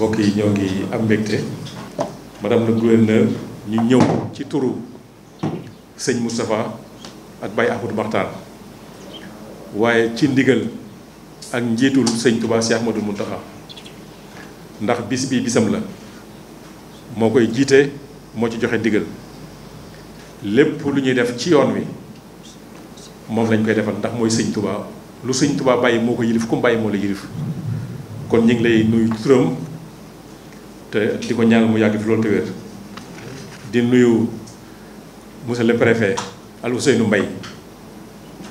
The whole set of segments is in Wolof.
mbokk yi ñoo ngi am mbégte madame le gouverneur ñu ñëw ci turu sëñ Moustapha ak Baye Ahmadou Makhtar waaye ci ndigal ak njiitul sëñ Touba Cheikh Ahmadou Mountakha ndax bis bi bisam la moo koy jiite moo ci joxe ndigal lépp lu ñuy def ci yoon wi moom lañ koy defal ndax mooy sëñ Touba lu sëñ Touba bàyyi moo ko yilif ku mu bàyyi moo la yilif kon ñu ngi lay nuyu turam te di ko ñaan mu yàgg fi loolu te wér di nuyu monsieur le préfet Al Ousseynou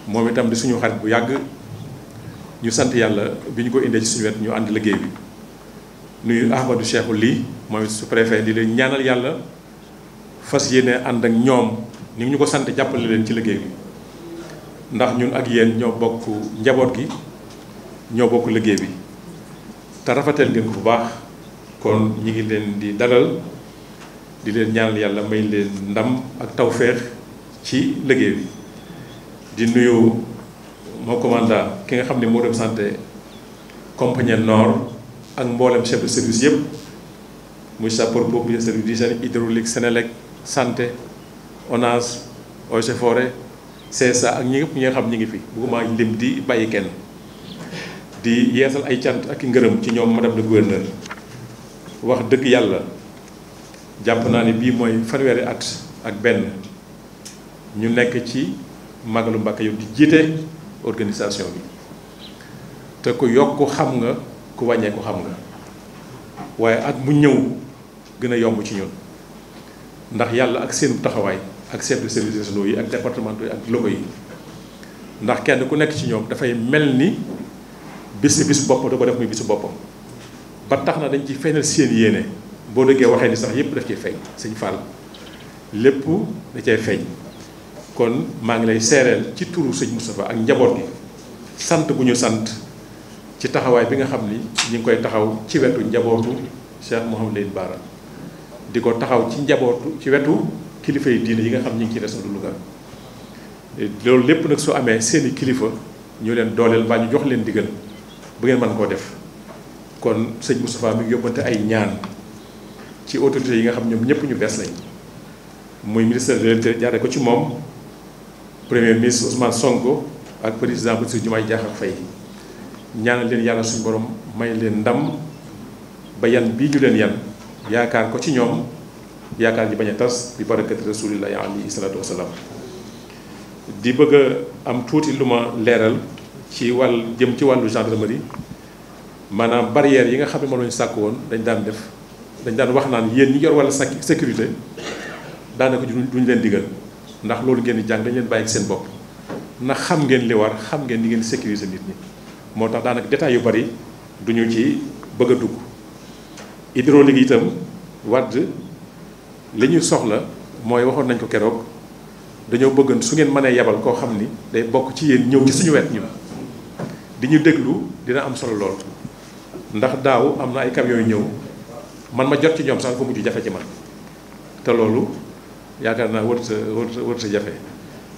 moom itam di suñu xarit bu yàgg ñu sant yàlla bi ñu ko indee ci suñu wet ñu ànd liggéey bi nuyu Ahmadou Cheikhou lii moom it su préfet di leen ñaanal yàlla fas yéene ànd ak ñoom ni ñu ko sant jàppale leen ci liggéey bi ndax ñun ak yéen ñoo bokk njaboot gi ñoo bokk liggéey bi te rafetal ngeen bu baax kon ñi ngi leen di dalal di leen ñaanal yàlla may leen ndam ak tawféex ci liggéey bi di nuyu moo commandant ki nga xam ne moo dem santé compagnie nord ak mboolem chef de service yëpp muy sapeur pompier service d'hygiène hydraulique Sénélec santé ONAS Eaux et Forêts CSA ak ñi ñëpp ñi nga xam ñi ngi fi bëgguma lim di bàyyi kenn di yeesal ay cant ak i ngërëm ci ñoom ma madame le gouverneur wax dëgg yàlla jàmp naa ne bii mooy fanweeri at ak benn ñu nekk ci Magalu Mbacke Yóbbu di jiite organisation bi te ko yokk xam nga ku wàññeeku xam nga waaye at mu ñëw gën a yomb ci ñun ndax yàlla ak seen taxawaay ak chef de service régionaux yi ak départementaux yi ak locaux yi ndax kenn ku nekk ci ñoom dafay mel ni bis bis bopp da ko def muy bisu boppam ba tax na dañ ci feeñal seen yéene boo dëggee waxee ni sax yépp daf ciy feeñ sëñ Fall lépp da cay feeñ kon maa ngi lay seereel ci turu sëñ Moustapha ak njaboot gi sant bu ñu sant ci taxawaay bi nga xam ni ñu ngi koy taxaw ci wetu njabootu Cheikh Mouhamadou Bara di ko taxaw ci njabootu ci wetu kilifa yi diine yi nga xam ñu ngi ci région de Louga loolu lépp nag su amee seeni kilifa ñu leen dooleel mbaa ñu jox leen diggal bu ngeen mën koo def kon sëñ Moustapha mi ngi yóbbante ay ñaan ci autorités yi nga xam ñoom ñëpp ñu bees nañ muy ministre de l'Intérieur ko ci moom premier ministre Ousmane Sonko ak président Bassirou Diomaye Diakhar Faye ñaanal leen yàlla suñ borom may leen ndam ba yan bii ñu leen yan yaakaar ko ci ñoom yaakaar ji bañ a tas bi barakati rasulillahi alayhi salaatu wasalaam di bëgg a am tuuti lu ma leeral ci wàll jëm ci wàllu gendarmerie maanaam barrière yi nga xam ne moom lañu sàkk woon dañ daan def dañ daan wax naan yéen ñi yor wala sécurité daanaka duñ leen digal ndax loolu ngeen di jàng dañ leen bàyyi seen bopp ndax xam ngeen li war xam ngeen ni ngeen sécuriser nit ñi moo tax daanaka détails yu bari duñu ci bëgg a dugg hydraulique yi itam wadd li ñuy soxla mooy waxoon nañ ko keroog dañoo bëggoon su ngeen mënee yabal koo xam ni day bokk ci yéen ñëw ci suñu wet ñu di ñu déglu dina am solo lool ndax daaw am na ay camions yooyu ñëw man ma jot ci ñoom sax ko mujj jafe ci man te loolu yaakaar naa warut sa warut sa warut sa jafe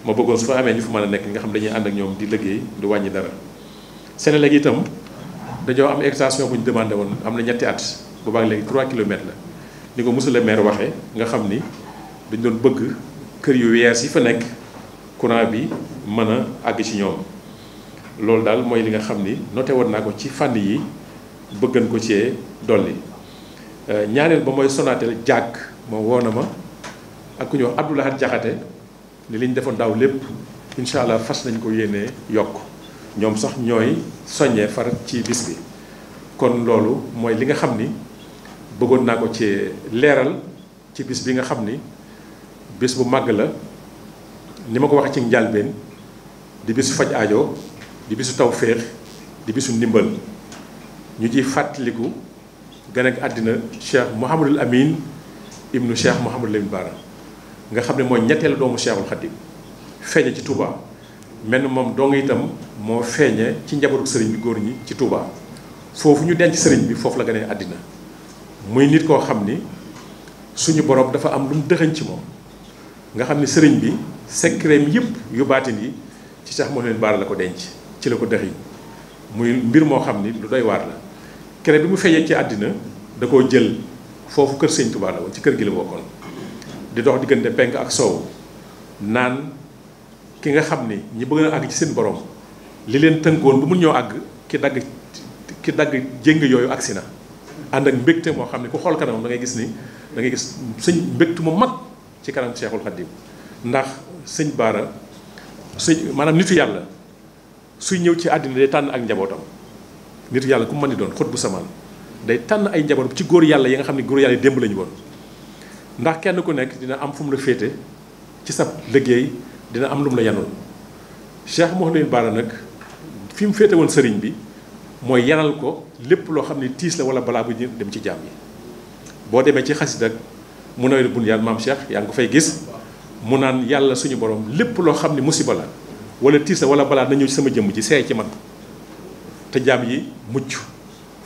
ma bëggoon su fa amee ñu fa man a nekk nga xam dañuy ànd ak ñoom di liggéey du wàññi dara. Senelec itam dañoo am extension bu ñu demandé woon am na ñetti at bu baax léegi 3 kilomètres la ni ko monsieur le maire waxee nga xam ni dañ doon bëgg kër yu wees yi fa nekk courant bi mën a àgg ci ñoom loolu daal mooy li nga xam ni noté woon naa ko ci fànn yi. bëggan ko ci dolli euh, ñaareel ba mooy Sonatel jàkk moom woo ma ak ku ñëw Abdoulahat Jaxate li liñ defoon ndaw lépp incha allah fas nañ ko yéenee yokk ñoom sax ñooy soññee far ci bis bi kon loolu mooy li nga xam ni bëggoon naa ko ci leeral ci bis bi nga xam ni bis bu màgg la ni ma ko waxee ci njàlbeen di bisu faj aajo di bisu tawféex di bisu ndimbal ñu ciy fàttaliku gane ak àddina Cheikh Mouhamadul Amin nu Cheikh Mouhamadul Amin Baara nga xam ne mooy ñetteelu doomu Cheikhul Khadim feeñe ci Touba mel moom dong itam moo feeñe ci njabootu sëriñ bi góor ñi ci Touba foofu ñu denc sëriñ bi foofu la gane àddina muy nit koo xam ni suñu borom dafa am lu mu dëxëñ ci moom nga xam ne sëriñ bi secret yëpp yu baatin yi ci Cheikh Mouhamadul Amin la ko denc ci la ko dëxëñ muy mbir moo xam ni lu doy kere bi mu feeñee ci àddina da koo jël foofu kër sëñ Tuubaa la ci kër gi la bokkoon di dox diggante penk ak soow naan ki nga xam ni ñi bëgg na àgg ci seen borom li leen tënkoon bu mun ñoo àgg ki dagg ki dagg jéng yooyu agsi na ànd ak mbégte moo xam ne ku xool kanam da ngay gis ni dangay gis sëñ mbégte mu mag ci kanam Cheikhul Khadim ndax sëñ Baara sëñ maanaam nitu yàlla suy ñëw ci àddina day tànn ak njabootam nit yàlla ku mën ni doon xut bu samaan day tànn ay njaboot ci góor yàlla yi nga xam ne góor yàlla yi démb lañu woon ndax kenn ku nekk dina am fu mu la féete ci sab liggéey dina am lu mu la yanoon Cheikh Mouhamadou Bara nag fi mu féete woon sëriñ bi mooy yenal ko lépp loo xam ne tiis la wala balaa bu ñu dem ci jaam yi boo demee ci xasit ak mu nawet bun yàlla maam Cheikh yaa ngi ko fay gis mu naan yàlla suñu borom lépp loo xam ne musiba la wala tiis la wala balaa na ci sama jëmm ji seey ci man te jaam yi mucc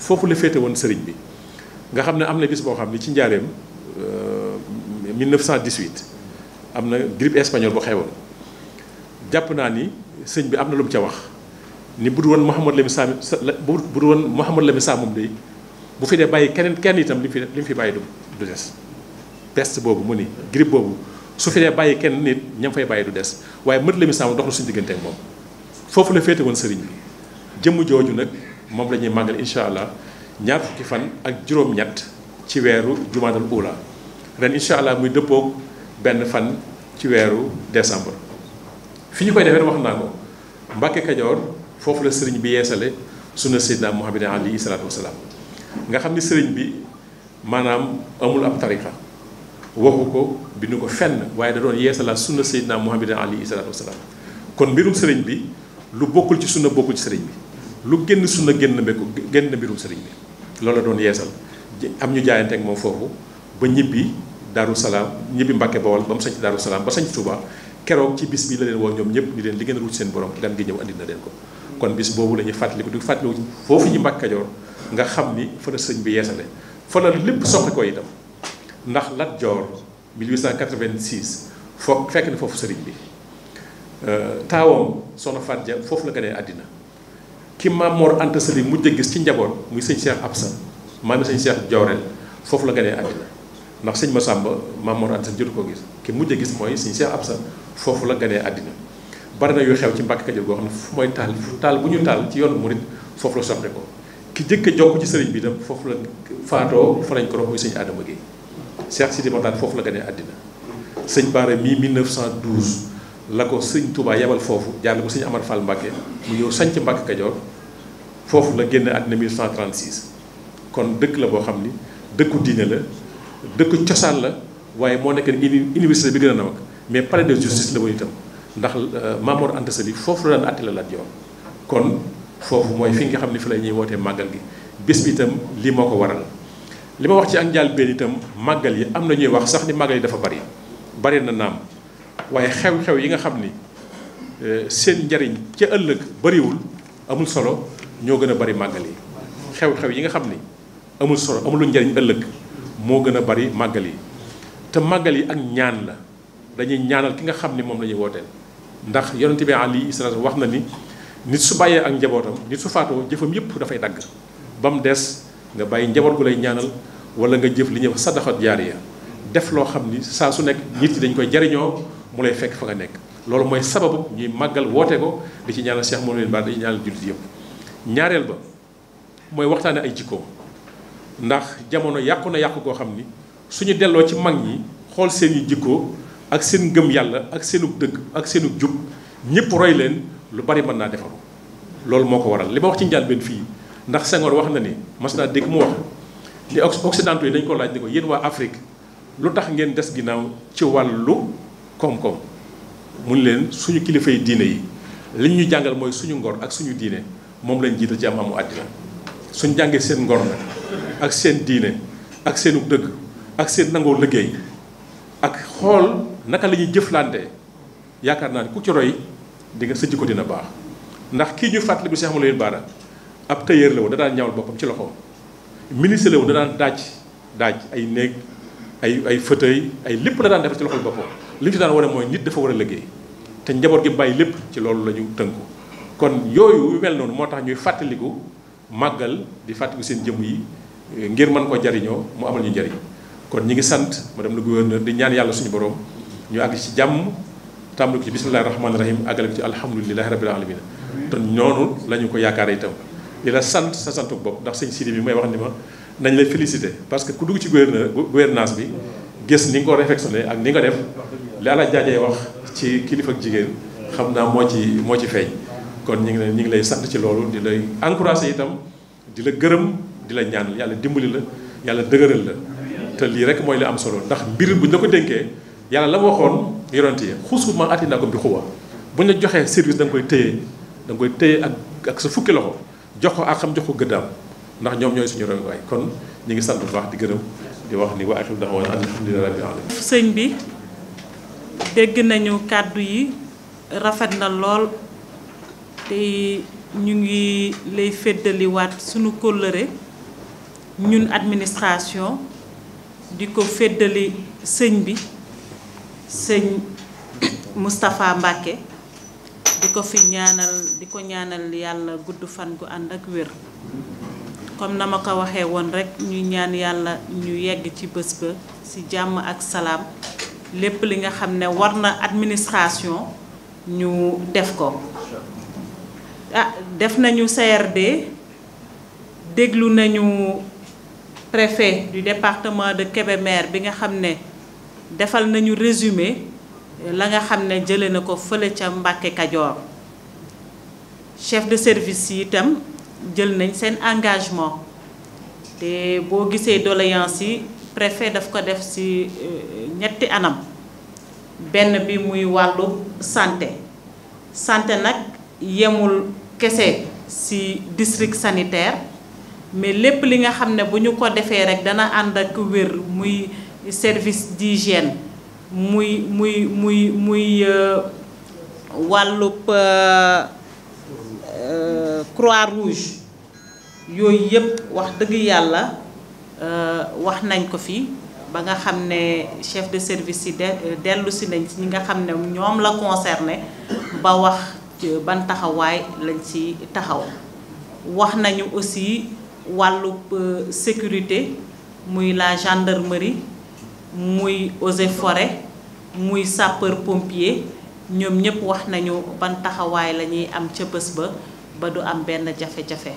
foofu la féete woon sëriñ bi nga xam ne am na bis boo xam ne ci njaareem 1918 euh, am na grippe espagnole bu xewoon jàpp naa ni sëñ bi am na lum mu ca wax ni bu du woon Mouhamad Lamine Sam bu du woon Mouhamad Lamine Sam moom day bu fi dee bàyyi keneen kenn itam li mu fi li mu fi bàyyi du du des peste boobu mu ni grippe boobu su fi dee bàyyi kenn nit ñam fay bàyyi du des waaye mët Lamine Sam dox na suñu diggante moom foofu la féete woon sëriñ bi jëmm jooju nag moom la ñuy màggal incha allah ñaar fukki fan ak juróom-ñett ci weeru jumaadal ula ren incha allah muy dëppoog benn fan ci weeru décembre. fi ñu koy defee wax naa ko Mbàkke Kajoor foofu la sëriñ bi yeesale sunna Seydina Muhammad alayhi salaatu wasalaam nga xam ni sëriñ bi maanaam amul ab tariqa waxu ko bindu ko fenn waaye da doon yeesalaat sunna Seydina Muhammad alayhi salaatu wasalaam kon mbirum sëriñ bi lu bokkul ci sunna bokkul ci sëriñ bi. lu génn sunna génn mbéku génn mbirum sëriñ bi loolu la doon yeesal am ñu jaayante ak moom foofu ba ñibbi daaru salaam ñibbi Mbàkke Bawol ba mu sañ daaru salaam ba sañ Tuuba keroog ci bis bi la leen woo ñoom ñëpp ni leen li ngeen ruuj seen borom gan gi ñëw andi na leen ko kon bis boobu la ñuy fàttaliku di fàttaliku foofu ñu Mbàkke Kajoor nga xam ni fa la sëñ bi yeesale fa la lépp soqi ko itam ndax Lat Joor 1886 foog fekk na foofu sëriñ bi euh, taawam soxna Faat Ja foofu la gënee àddina ki Mamor Anta Sali mujj a gis ci njaboot muy sëñ Cheikh Absa maam sëñ Cheikh Diawrel foofu la gënee àddina ndax sëñ ma Mamor Anta Sali jotu ko gis ki mujj a gis mooy sëñ Cheikh Absa foofu la gënee àddina bari na yu xew ci Mbàkke Kajoor goo xam ne fu taal bu ñu taal ci yoonu murit foofu la soxle ko ki jëkk a ci sëriñ bi itam foofu la faatoo fa lañ ko rox muy sëñ Adama Gueye Cheikh Sidi Mokhtar foofu la gënee àddina sëñ Baara mii 1912 la ko sëñ tubaay yebal foofu jaarle ko sëñ Amar Fall Mbàkke mu ñëw sañ ci Mbàkke Kajoor foofu la génn àddina 1136 kon dëkk la boo xam ni dëkku diine la dëkku cosaan la waaye moo nekk université bi gën a naw mais palais de justice la woon tam ndax euh, Mamor Anta Sali foofu la daan àtte la laaj kon foofu mooy fii nga xam ne fi la ñuy wootee màggal gi bés bi itam lii moo ko waral li ma wax ci ak njëlbéen itam màggal yi am na ñuy wax sax ni màggal yi dafa bari bari na naam waaye xew-xew yi nga xam ni euh, seen njariñ ca ëllëg bariwul amul solo ñoo gën a bari màggal yi xew-xew yi nga xam ni amul solo amul njariñ ëllëg moo gën a bari màggal yi te màggal yi ak ñaan la dañuy ñaanal ki nga xam ni moom la ñuy wooteel ndax yonent bi alayhi salaatu wax na ni nit su bàyyee ak njabootam nit su faatoo jëfam yépp dafay dagg ba mu des nga bàyyi njaboot gu lay ñaanal wala nga jëf li ñuy wax sadaxat jaariya def loo xam ni saa su nekk nit yi dañ koy jariñoo mu lay fekk fa nga nekk loolu mooy sababu ñuy màggal woote ko di ci ñaanal Cheikh moo Lamine Bara di ñaanal yëpp ñaareel ba mooy waxtaane ay jikkoom ndax jamono yàqu na yàqu goo xam ni suñu delloo ci mag ñi xool seen i jikkoo ak seen ngëm yàlla ak seenu dëgg ak seenu jub ñëpp roy leen lu bari mën naa defaru loolu moo ko waral li ma wax ci njëlbéen fii ndax Senghor wax na ni mas naa dégg mu wax ni occidentaux yi dañ ko laaj ni ko yéen waa Afrique lu tax ngeen des ginnaaw ci wàllu koom-koom mun leen suñu kilifa yi diine yi li ñu jàngal mooy suñu ngor ak suñu diine moom lañ jiital ci am amu àddina suñ jàngee seen ngor ak seen diine ak seenu dëgg ak seen nangoo liggéey ak xool naka la ñuy jëflante yaakaar naa ne ku ci roy di nga sëjj ko dina baax ndax kii ñu fàttali bi Cheikh Amadou Lamine Bara ab tailleur la woon da daan ñawal boppam ci loxoom ministre la woon da daan daaj daaj ay néeg ay ay fauteuil ay lépp la daan defar ci loxol boppam li ñu ci daan wane mooy nit dafa war a liggéey te njaboot gi bàyyi lépp ci loolu lañu ñu kon yooyu yu mel noonu moo tax ñuy fàttaliku màggal di fàttaliku seen jëmm yi eh, ngir mën ko jariñoo mu amal ñu njariñ kon ñi ngi sant dem le gouverneur di ñaan yàlla suñu borom ñu àgg ci jàmm tàmbali ko ci bismillahi rahmaani rahim àggale ko ci alhamdulilahi rabbil alamin te noonu la ñu ko yaakaare itam di la sant sa santuk bopp ndax sëñ Sidi bi may wax ni ma nañ la félicité parce que ku dugg ci gouverneur gouvernance bi gis ni nga ko réflexionné ak ni nga def li ala jaajee wax ci kilifa jigéen xam naa moo ci moo ci feeñ kon ñu ngi lay ñu ngi lay sant ci loolu di lay encouragé itam di la gërëm di la ñaan yàlla dimbali la yàlla dëgërël la te lii rek mooy li am solo ndax mbir bu ñu la ko dénkee yàlla la waxoon yonent yi xusu ma ati naa ko bi xuwa bu ñu joxee service da nga koy téye koy téye ak ak sa fukki loxo jox ko ak xam jox ko gëddaam ndax ñoom ñooy suñu royuwaay kon ñu ngi sant bu baax di gërëm di wax ni wa axiru da'waanaa an alhamdulilah rabbil alamin sëñ bi dégg nañu kàddu yi rafet na lool tey ñu ngi lay feddaliwaat sunu kóllëre ñun administration di ko feddali sëñ bi sëñ Moustapha Mbacke di ko fi ñaanal di ko ñaanal yàlla gudd fan gu ànd ak wér comme na ma ko waxee woon rekk ñuy ñaan yàlla ñu yegg ci bés ba ci jàmm ak salaam lépp li nga xam ne war na administration ñu def ko ah def nañu CRD déglu nañu préfet du département de Kébémer bi nga xam ne defal nañu résumé la nga xam ne jële na ko fële ca Mbàkke Kajoor chef de service yi itam jël nañ seen engagement te boo gisee doléance yi préfet daf ko def ci euh, ñetti anam benn bi muy wàllu santé santé nag yemul kese ci district sanitaire mais lépp li nga xam ne bu ñu ko defee rek dana ànd ak wér muy service d'hygiène muy muy muy muy euh, wàllub euh, euh, croix rouge yooyu yëpp wax dëgg yàlla wax nañ ko fi ba nga xam ne chef de service yi de dellu si nañ si ñi nga xam ne ñoom la concerné ba wax ban taxawaay lañ ci taxaw wax nañu aussi wàllub euh, sécurité muy la gendarmerie muy eaux et muy sapeur pompier ñoom ñëpp wax nañu ban taxawaay la ñuy am ca bës ba ba du am benn jafe-jafe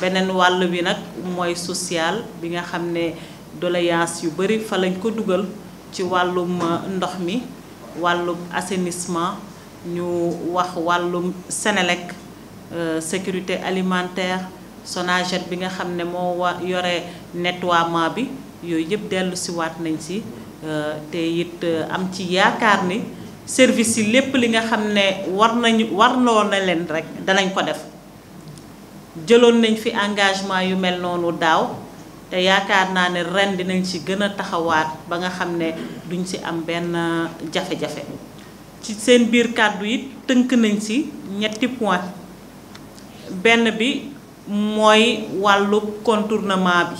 beneen wàll bi nag mooy social bi nga xam ne doléance yu bëri fa lañ ko dugal ci wàllum euh, ndox mi wàllum assainissement ñu wax wàllum Senelec euh, sécurité alimentaire Sonaged bi nga xam ne moo wa yore nettoiement bi yooyu yëpp dellu waat nañ si euh, te it euh, am ci yaakaar ni service yi lépp li nga xam ne war nañu warloo na leen rek danañ ko def jëloon nañ fi engagement yu mel noonu daaw te yaakaar naa ne ren dinañ ci gën a taxawaat ba nga xam ne duñ ci am benn jafe-jafe ci seen biir kàddu yi tënk nañ ci ñetti point benn bi mooy wàllu contournement bi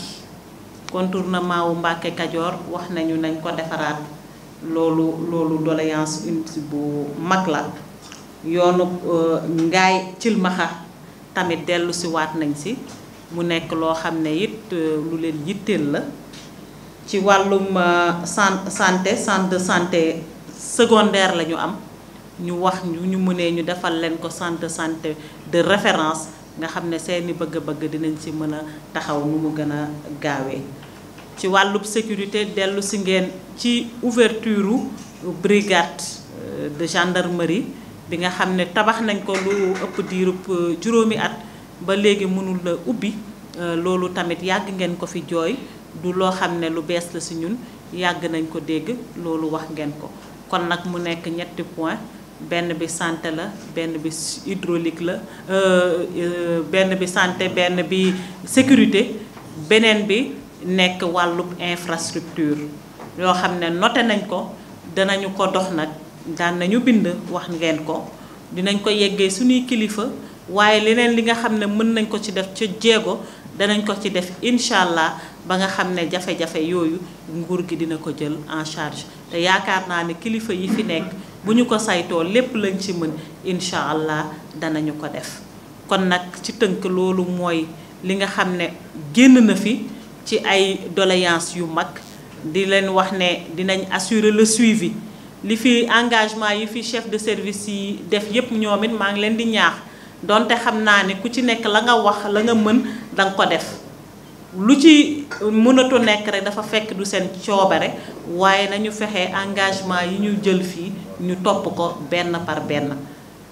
contournement wu Mbàkke Kajoor wax nañu nañ ko defaraat loolu loolu doléance unité bu mag la yoonu euh, ngaay cilmaxa tamit dellu si waat nañ si mu nekk loo xam ne it euh, lu leen yitteel la ci wàllum euh, san santé santé secondaire la ñu am ñu wax ñu ñu mënee ñu defal leen ko centre de santé de référence nga xam ne seeni bëgg-bëgg dinañ ci mën a taxaw nu mu gën a gaawee. ci wàllub sécurité dellu si ngeen ci ouverture brigade euh, de gendarmerie bi nga xam ne tabax nañ ko lu ëpp diirub euh, juróomi at ba léegi mënul la ubbi euh, loolu tamit yàgg ngeen ko fi jooy du loo xam ne lu bees la si ñun yàgg nañ ko dégg loolu wax ngeen ko kon nag mu nekk ñetti point benn bi santé la benn bi hydraulique la euh, euh, benn bi santé benn bi sécurité beneen bi nekk wàllub infrastructure yoo xam ne noté nañ ko danañu ko dox nag daan nañu bind wax ngeen ko dinañ ko yeggee suñuy kilifa waaye leneen li nga xam ne mën nañ ko ci def ca jéego danañ ko ci def incha allah ba nga xam ne jafe-jafe yooyu nguur gi dina ko jël en charge te yaakaar naa ne kilifa yi fi nekk bu ñu ko saytoo lépp lañ ci mën incha allah danañu ko def kon nag ci tënk loolu mooy li nga xam ne génn na fi ci ay doléance yu mag di leen wax ne dinañ assurer le suivi li fi engagement yi fi chef de service yi def yépp ñoom it maa ngi leen di ñaax donte xam naa ne ku ci nekk la nga wax la nga mën danga ko def lu ci mënatu nekk rek dafa fekk du seen coobare waaye nañu fexe engagement yi ñu jël fii ñu topp ko benn par benn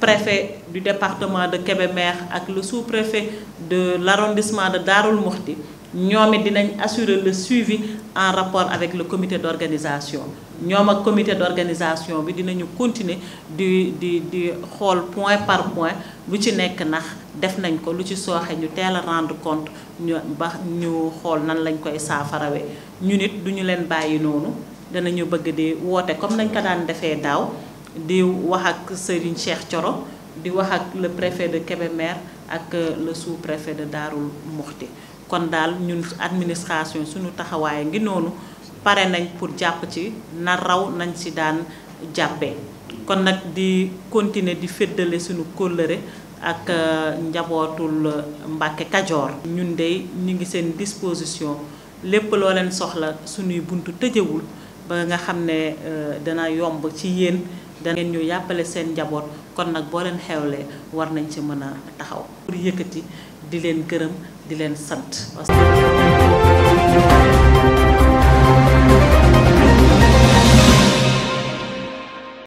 préfet du département de Kébémer ak le sous-préfet de l'arrondissement de Darou Mouhty ñoom it dinañ assurer le suivi en rapport avec le comité d'organisation ñoom ak comité d'organisation bi dinañu continuer di di di xool point par point lu ci nekk ndax def nañ ko lu ci sooxe ñu teel a rendre compte ñu ba ñu xool nan lañ koy saafarawee ñu nit duñu leen bàyyi noonu danañu bëgg di woote comme nañ ko daan defee daaw di wax ak Serigne Cheikh coro di wax ak le préfet de Kébémer ak le sous-préfet de Darou Mouhty kon daal ñun administration suñu taxawaay ngi noonu pare nañ pour jàpp ci na raw nañ si daan jàppee kon nag di continuer di féddale suñu kóllëre ak euh, njabootul euh, Mbàkke Kajoor ñun dey ñu ngi seen disposition lépp loo leen soxla suñuy buntu tëjewul ba nga xam ne euh, dana yomb ci yéen da ngeen ñu yàppale seen njaboot kon nag boo leen xewlee war nañ ci mën a taxaw pour yëkkati di leen gërëm di leen sant